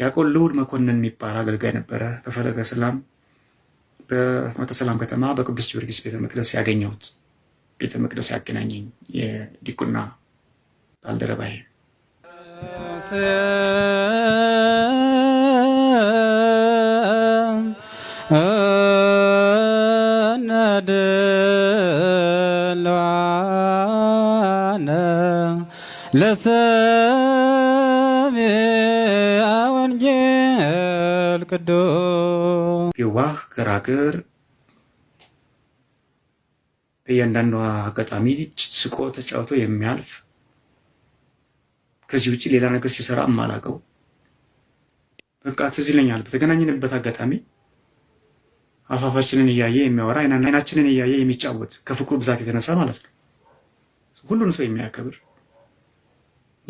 ያዕቆብ ልዑድ መኮንን የሚባል አገልጋይ ነበረ። በፈለገ ሰላም በመተ ሰላም ከተማ በቅዱስ ጊዮርጊስ ቤተ መቅደስ ያገኘሁት ቤተ መቅደስ ያገናኘኝ የዲቁና ባልደረባዬ ለሰሜ ወንጌል ቅዱስ የዋህ ገራገር በእያንዳንዷ አጋጣሚ ስቆ ተጫውቶ የሚያልፍ ከዚህ ውጭ ሌላ ነገር ሲሰራ የማላውቀው በቃ ትዝ ይለኛል። በተገናኘንበት አጋጣሚ አፋፋችንን እያየ የሚያወራ አይናችንን እያየ የሚጫወት ከፍቅሩ ብዛት የተነሳ ማለት ነው ሁሉን ሰው የሚያከብር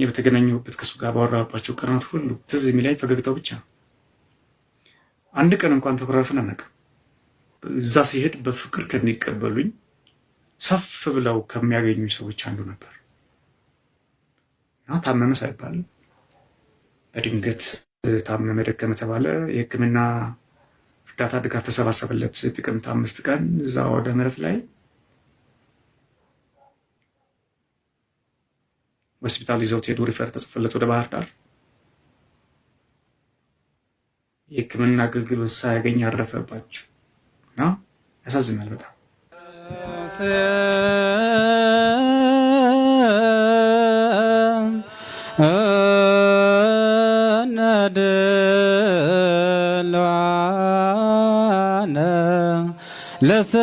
በተገናኘሁበት ከሱ ጋር ባወራባቸው ቀናት ሁሉ ትዝ የሚላይ ፈገግታው ብቻ ነው። አንድ ቀን እንኳን ተኮራርፈን አናውቅም። እዛ ሲሄድ በፍቅር ከሚቀበሉኝ ሰፍ ብለው ከሚያገኙኝ ሰዎች አንዱ ነበር እና ታመመ ሳይባል በድንገት ታመመ፣ ደከመ ተባለ። የሕክምና እርዳታ ድጋፍ ተሰባሰበለት። ጥቅምት አምስት ቀን እዛ ወደ ምረት ላይ ሆስፒታል ይዘውት ሄዱ። ሪፈር ተጽፈለት ወደ ባህር ዳር የሕክምና አገልግሎት ሳያገኝ ያረፈባቸው እና ያሳዝናል በጣም ለሰሜ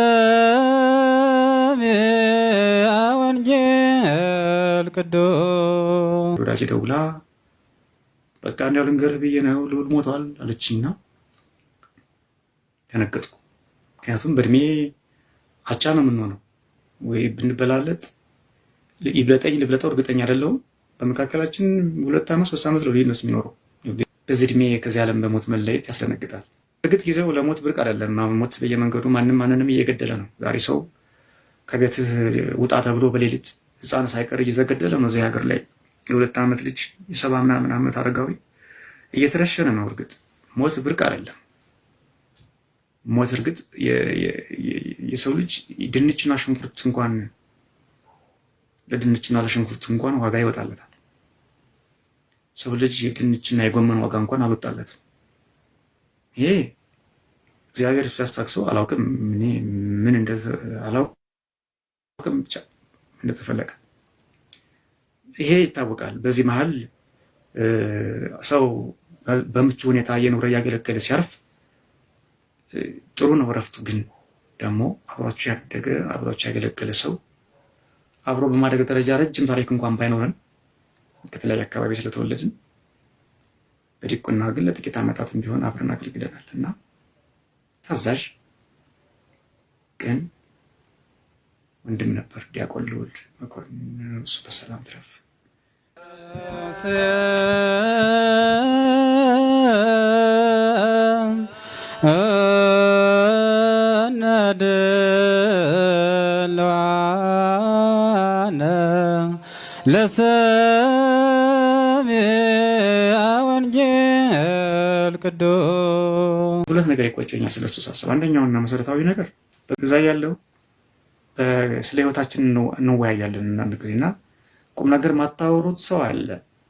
አወንጌል ቅዱስ ወዳጅ ደውላ በቃ እንዲያው ልንገርህ ብዬ ነው ሞቷል አለችኝና ተነገጥኩ። ምክንያቱም በእድሜ አቻ ነው የምንሆነው ወይ ብንበላለጥ ይብለጠኝ ልብለጠው እርግጠኛ አይደለሁም። በመካከላችን ሁለት ዓመት ሶስት ዓመት ነው ልዩነት የሚኖረው። በዚህ እድሜ ከዚህ ዓለም በሞት መለየት ያስደነግጣል። እርግጥ ጊዜው ለሞት ብርቅ አይደለም። ሞት በየመንገዱ ማንም ማንንም እየገደለ ነው። ዛሬ ሰው ከቤትህ ውጣ ተብሎ በሌሊት ህፃን ሳይቀር እየተገደለ ነው እዚህ ሀገር ላይ የሁለት ዓመት ልጅ የሰባ ምናምን ዓመት አረጋዊ እየተረሸነ ነው። እርግጥ ሞት ብርቅ አይደለም። ሞት እርግጥ የሰው ልጅ ድንችና ሽንኩርት እንኳን ለድንችና ለሽንኩርት እንኳን ዋጋ ይወጣለታል። ሰው ልጅ የድንችና የጎመን ዋጋ እንኳን አልወጣለትም። ይሄ እግዚአብሔር እሱ ያስታክሰው አላውቅም፣ ምን አላውቅም ብቻ እንደተፈለቀ ይሄ ይታወቃል። በዚህ መሀል ሰው በምቹ ሁኔታ እየኖረ እያገለገለ ሲያርፍ ጥሩ ነው እረፍቱ። ግን ደግሞ አብሯቸው ያደገ አብሯቸው ያገለገለ ሰው አብሮ በማደግ ደረጃ ረጅም ታሪክ እንኳን ባይኖረን ከተለያየ አካባቢ ስለተወለድን በዲቁና ግን ለጥቂት ዓመታትም ቢሆን አብረን አገልግለናል እና ታዛዥ ግን ወንድም ነበር ዲያቆን ልዑል መኮንን። እሱ በሰላም ትረፍ። ሁለት ነገር ይቆጨኛል ስለሱ ሳስብ፣ አንደኛውና መሰረታዊ ነገር እዛ ያለው ስለ ህይወታችን እንወያያለን አንድ ጊዜና ቁም ነገር ማታወሩት ሰው አለ።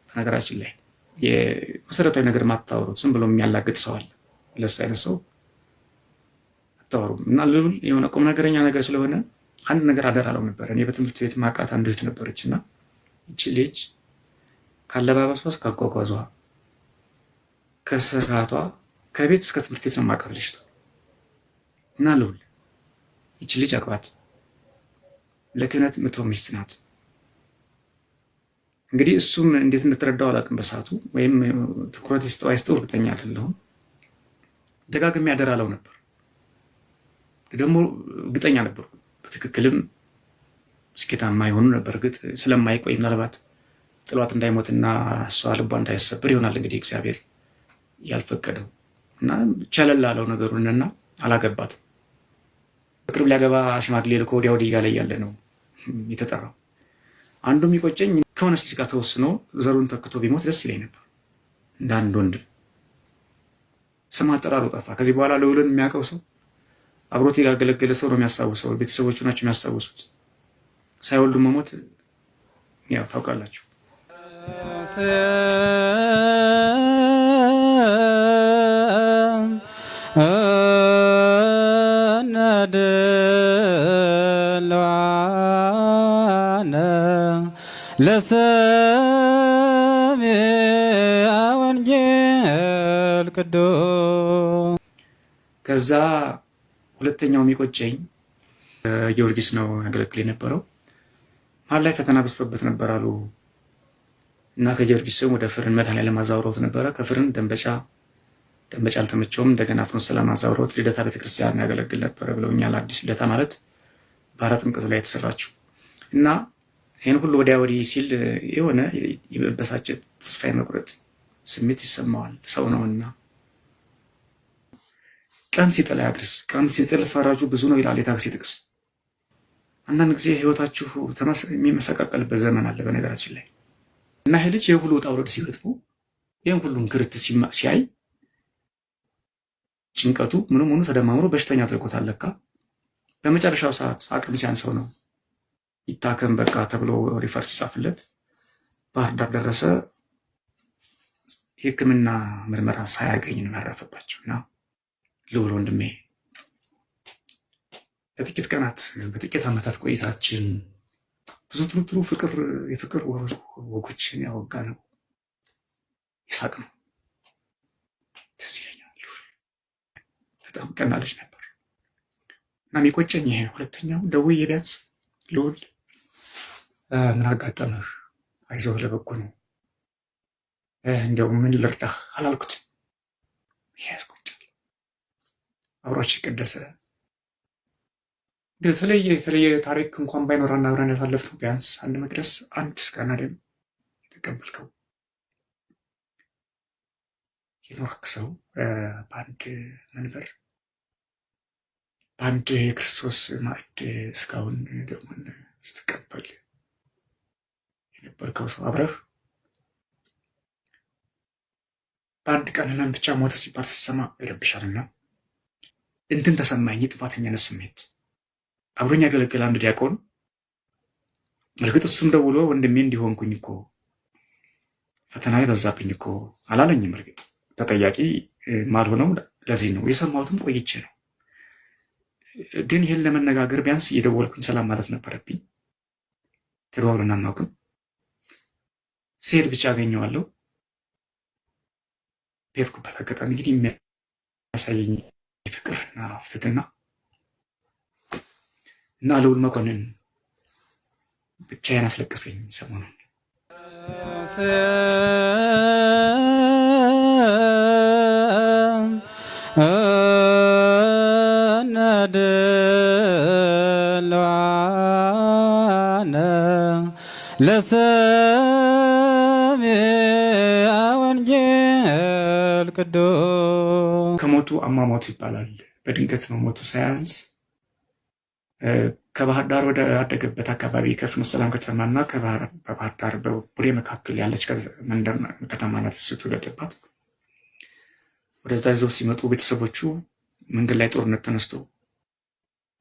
በነገራችን ላይ የመሰረታዊ ነገር ማታወሩት ዝም ብሎ የሚያላግጥ ሰው አለ። ለስ አይነት ሰው አታወሩም። እና ልዑል የሆነ ቁም ነገረኛ ነገር ስለሆነ አንድ ነገር አደራለው አለው ነበር። እኔ በትምህርት ቤት ማቃት አንድ እህት ነበረች እና እቺ ልጅ ከአለባበሷ እስከ አጓጓዟ፣ ከስርዓቷ፣ ከቤት እስከ ትምህርት ቤት ነው ማቃት ልጅ እና ልዑል እቺ ልጅ አግባት ለክህነት ምትሆን ሚስት ናት። እንግዲህ እሱም እንዴት እንደተረዳው አላውቅም በሰዓቱ ወይም ትኩረት ይስጠው አይስጠው እርግጠኛ አይደለሁም። ደጋግሜ ያደር አለው ነበር ደግሞ እርግጠኛ ነበርኩ በትክክልም ስኬታማ የሆኑ ነበር። እርግጥ ስለማይቆይ ምናልባት ጥሏት እንዳይሞትና እሷ ልቧ እንዳይሰብር ይሆናል እንግዲህ እግዚአብሔር ያልፈቀደው እና ቸለል አለው ነገሩንና አላገባት። በቅርብ ሊያገባ ሽማግሌ ልኮ ወዲያ ወዲህ እያለ ያለ ነው የተጠራው። አንዱ የሚቆጨኝ ከሆነች ልጅ ጋር ተወስኖ ዘሩን ተክቶ ቢሞት ደስ ይለኝ ነበር እንደ አንድ ወንድም። ስም አጠራሩ ጠፋ። ከዚህ በኋላ ልዑልን የሚያውቀው ሰው አብሮት ያገለገለ ሰው ነው የሚያስታውሰው። ቤተሰቦቹ ናቸው የሚያስታውሱት። ሳይወልዱ መሞት ያው ታውቃላችሁ። ለሰምዐ ወንጌል ቅዱስ። ከዛ ሁለተኛው የሚቆጨኝ ጊዮርጊስ ነው ያገለግል የነበረው። መሀል ላይ ፈተና በዝቶበት ነበር አሉ እና ከጊዮርጊስም ወደ ፍርን መድኃኔዓለም አዛውረውት ነበረ። ከፍርን ደንበጫ ደንበጫ አልተመቸውም። እንደገና ፍኖተ ሰላም አዛውረውት ልደታ ቤተክርስቲያን ያገለግል ነበረ ብለውኛል። አዲስ ልደታ ማለት በአራት ጥምቀት ላይ የተሰራችው እና ይህን ሁሉ ወዲያ ወዲህ ሲል የሆነ የመበሳጨት ተስፋ የመቁረጥ ስሜት ይሰማዋል። ሰው ነውና ቀን ሲጥል አያድርስ። ቀን ሲጥል ፈራጁ ብዙ ነው ይላል የታክሲ ጥቅስ። አንዳንድ ጊዜ ህይወታችሁ የሚመሰቃቀልበት ዘመን አለ በነገራችን ላይ እና ይህ ልጅ ይህ ሁሉ ውጣ ውረድ ሲገጥሙ ይህን ክርት ሲያይ ጭንቀቱ ምንም ሆኑ ተደማምሮ በሽተኛ አድርጎታል። ለካ በመጨረሻው ሰዓት አቅም ሲያንሰው ነው ይታከም በቃ ተብሎ ሪፈር ሲጻፍለት ባህር ዳር ደረሰ። የሕክምና ምርመራ ሳያገኝ ነው ያረፈባቸው። እና ልውል ወንድሜ በጥቂት ቀናት በጥቂት ዓመታት ቆይታችን ብዙ ጥሩ ፍቅር የፍቅር ወጎችን ያወጋ ነው ይሳቅ ነው። ደስ ይለኛል። በጣም ቀናለች ነበር እና የሚቆጨኝ ይሄ ሁለተኛው ደውዬ ቢያንስ ልውል ምን አጋጠመህ? አይዞህ ለበጎ ነው፣ ምን ልርዳህ አላልኩትም። ይሄ ያስቆጫል። አብሯችን የተለየ የተለየ ታሪክ እንኳን ባይኖራና አብረን ያሳለፍነው ቢያንስ አንድ መቅደስ አንድ ስቃና ደም የተቀበልከው የኖርክ ሰው በአንድ መንበር በአንድ የክርስቶስ ማዕድ እስካሁን ሰው አብረህ። በአንድ ቀን ህመም ብቻ ሞተ ሲባል ስትሰማ ይረብሻልና እንትን ተሰማኝ፣ የጥፋተኛነት ስሜት። አብሮኝ ያገለገለ አንድ ዲያቆን እርግጥ እሱም ደውሎ ወንድሜ እንዲሆንኩኝ እኮ ፈተና የበዛብኝ እኮ አላለኝም። እርግጥ ተጠያቂ ማልሆነው ለዚህ ነው፣ የሰማሁትም ቆይቼ ነው። ግን ይህን ለመነጋገር ቢያንስ እየደወልኩኝ ሰላም ማለት ነበረብኝ። ተደዋውለን አናውቅም። ሴት ብቻ አገኘዋለሁ። በሄድኩበት አጋጣሚ እንግዲህ የሚያሳየኝ ፍቅርና ፍትና እና ልውል መኮንን ብቻዬን አስለቀሰኝ ሰሞኑን። ለሰ ቅዱስ ከሞቱ አሟሟቱ ይባላል። በድንገት ነው ሞቱ ሳያንስ ከባህር ዳር ወደ አደገበት አካባቢ ከፍኖተ ሰላም ከተማና በባህር ዳር በቡሬ መካከል ያለች መንደር ከተማ ናት እሱ የተወለደባት። ወደዛ ይዘው ሲመጡ ቤተሰቦቹ መንገድ ላይ ጦርነት ተነስቶ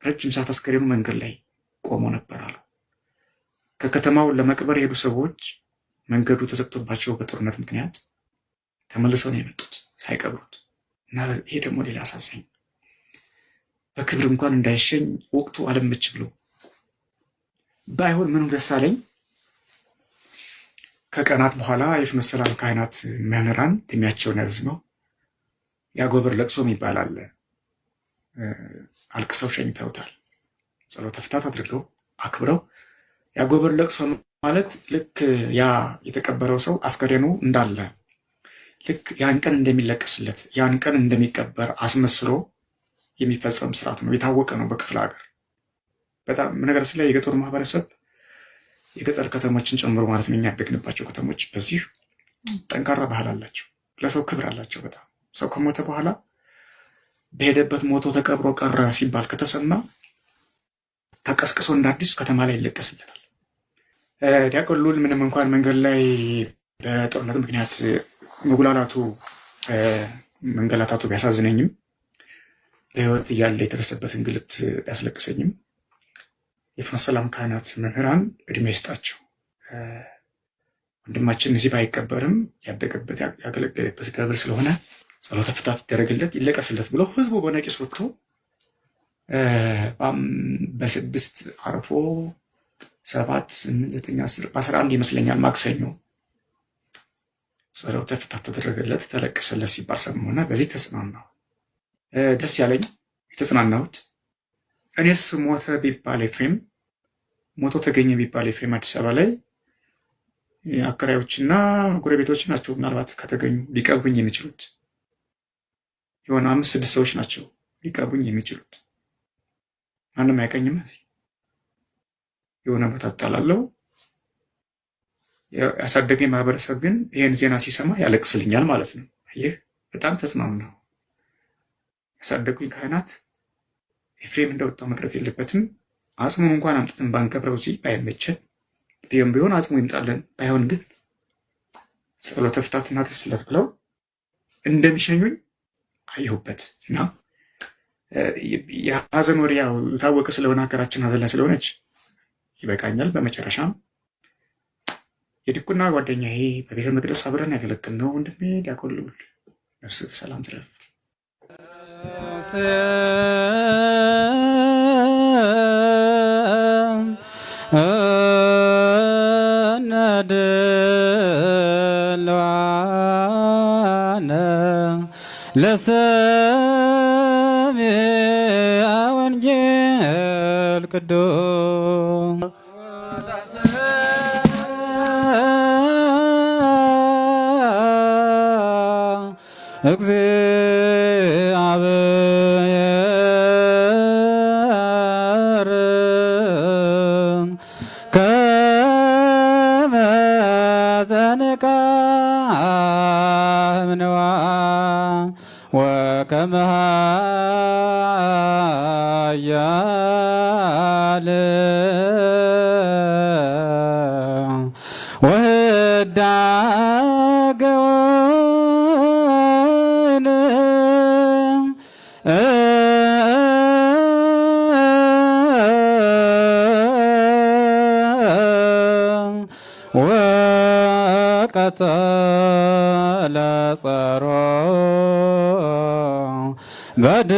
ረጅም ሰዓት አስከሬኑ መንገድ ላይ ቆሞ ነበር አሉ። ከከተማው ለመቅበር የሄዱ ሰዎች መንገዱ ተዘግቶባቸው በጦርነት ምክንያት ተመልሰው ነው የመጡት። ሳይቀብሩት እና ይሄ ደግሞ ሌላ አሳዛኝ በክብር እንኳን እንዳይሸኝ ወቅቱ አለመች ብሎ ባይሆን ምኑ ደስ አለኝ። ከቀናት በኋላ የፍመስራል ካህናት መምህራን እድሜያቸውን ያርዝመው ያጎበር ለቅሶም ይባላል አልቅሰው ሸኝተውታል። ጸሎተ ፍታት አድርገው አክብረው ያጎበር ለቅሶ ማለት ልክ ያ የተቀበረው ሰው አስከሬኑ እንዳለ ልክ ያን ቀን እንደሚለቀስለት ያን ቀን እንደሚቀበር አስመስሎ የሚፈጸም ስርዓት ነው። የታወቀ ነው በክፍለ ሀገር በጣም ነገር ስለ የገጠሩ ማህበረሰብ የገጠር ከተሞችን ጨምሮ ማለት ነው የሚያደግንባቸው ከተሞች በዚህ ጠንካራ ባህል አላቸው። ለሰው ክብር አላቸው። በጣም ሰው ከሞተ በኋላ በሄደበት ሞቶ ተቀብሮ ቀረ ሲባል ከተሰማ ተቀስቅሶ እንደ አዲስ ከተማ ላይ ይለቀስለታል። ዲያቆን ምንም እንኳን መንገድ ላይ በጦርነት ምክንያት መጉላላቱ መንገላታቱ ቢያሳዝነኝም በህይወት እያለ የደረሰበት እንግልት ቢያስለቅሰኝም የፍኖተ ሰላም ካህናት መምህራን እድሜ ይስጣቸው። ወንድማችን እዚህ ባይቀበርም ያደገበት ያገለገለበት ገብር ስለሆነ ጸሎተ ፍታት ይደረግለት ይለቀስለት ብሎ ህዝቡ በነቂስ ወጥቶ በስድስት አርፎ ሰባት ስምንት ዘጠኝ አስር በአስራ አንድ ይመስለኛል ማክሰኞ ጸሎተ ፍታት ተደረገለት፣ ተለቀሰለት ሲባል ሰሙና በዚህ ተጽናናሁ። ደስ ያለኝ የተጽናናሁት እኔስ ሞተ ቢባል ኤፍሬም ሞቶ ተገኘ ቢባል ኤፍሬም አዲስ አበባ ላይ አከራዮችና ጎረቤቶች ናቸው ምናልባት ከተገኙ ሊቀቡኝ የሚችሉት የሆነ አምስት ስድስት ሰዎች ናቸው ሊቀቡኝ የሚችሉት። ማንም አያቀኝም። የሆነ ቦታ እጣላለሁ ያሳደገኝ ማህበረሰብ ግን ይህን ዜና ሲሰማ ያለቅስልኛል ማለት ነው። ይህ በጣም ተጽናኑ ነው። ያሳደጉኝ ካህናት ኤፍሬም እንደወጣው መቅረት የለበትም አጽሙን እንኳን አምጥተን ባንከብረው እዚህ ባይመቸን ቢሆን ቢሆን አጽሙ ይምጣለን፣ ባይሆን ግን ጸሎተ ፍታትና ተስለት ብለው እንደሚሸኙኝ አየሁበት እና የሀዘን ወሬ ያው የታወቀ ስለሆነ ሀገራችን ሀዘን ላይ ስለሆነች ይበቃኛል። በመጨረሻም ጓደኛ ይሄ በቤተ መቅደስ አብረን ያገለግል ነው ወንድሜ ዲያቆን ልዑል ነፍስ በሰላም ትረፍ። ለሰሜ ወንጌል ቅዱስ እግዚአብሔር ከመ ዘንቃሕምንዋ ወከመ ኃያል ተለጸሮ በድ